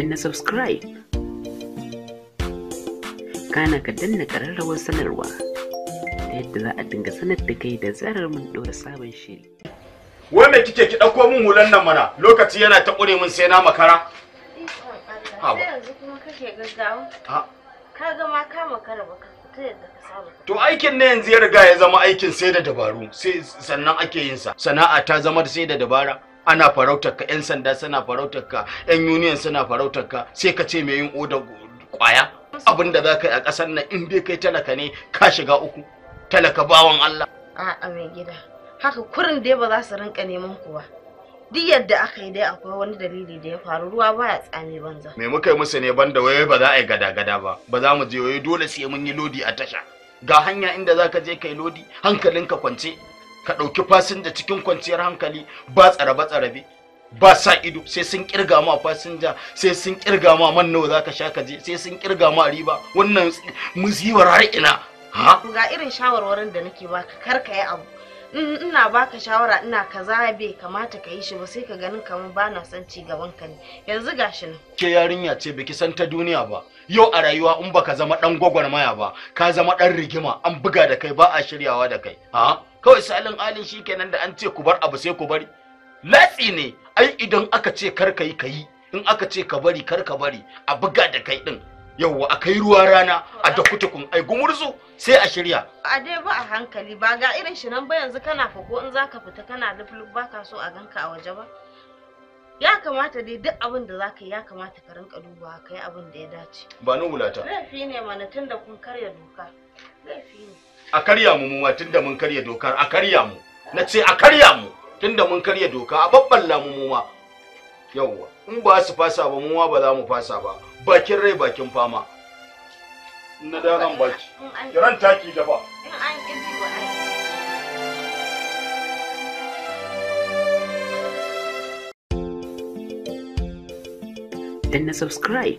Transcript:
danna subscribe kana ka danna ƙararrawar sanarwa ta yadda za a dinga sanar da kai da zarar mun ɗora sabon shiri wai me kike ki ɗauko min hulan nan mana lokaci yana ta ƙure min sai na makara Haba. ka ga ka makara ba To aikin na yanzu ya riga ya zama aikin sai da dabaru sannan ake yin sa sana'a ta zama sai da dabara ana farautar ka yan sanda suna farautar ka yan union suna farautar ka sai ka ce mai yin oda kwaya abin da za ka yi a ƙasar nan in bai kai talaka ne ka shiga uku talaka bawan Allah a'a mai gida haka kurin dai ba za su rinka neman ku ba duk yadda aka yi dai akwai wani dalili da ya faru ruwa baya tsami banza me muka yi musu ne banda waye ba za a yi gada-gada ba ba za mu je waye dole sai mun yi lodi a tasha ga hanya inda za ka je kai lodi hankalinka kwance ka ɗauki fasinja cikin kwanciyar hankali ba ba-tsara tsarabe ba sa ido sai sun kirga ma fasinja sai sun kirga ma man nawa zaka sha ka je sai sun kirga ma riba wannan musibar har ina ha ga irin shawarwarin da nake baka kar ka yi abu ina baka shawara ina kaza bai kamata ka yi shi ba sai ka ganin kamar ba na son ci gaban ka ne yanzu gashi nan ke yarinya ce biki san ta duniya ba yau a rayuwa in baka zama dan gwagwarmaya ba ka zama dan rigima an buga da kai ba a shiryawa da kai ha kawai salin alin shi kenan da an ce ku bar abu sai ku bari latsi ne ai idan aka ce kar ka yi in aka ce ka bari kar ka bari a buga da kai din yawwa akai ruwa rana a da kutukun ai gumurzu sai a shirya a dai ba a hankali ba ga irin shi nan ba yanzu kana ko in zaka fita kana lufluf ba ka so a ganka a waje ba ya kamata dai duk abin da zaka yi ya kamata ka rinka dubawa kai abin da ya dace ba ni wulata laifi ne mana tunda kun karya doka a karya mu muwa tunda mun karya dokar a karya mu na ce a karya mu tunda mun karya doka a babballa mu mu ma yawwa in ba su fasa ba muwa ba za mu fasa ba bakin rai bakin fama na da ran baki kiran taki da ba Then subscribe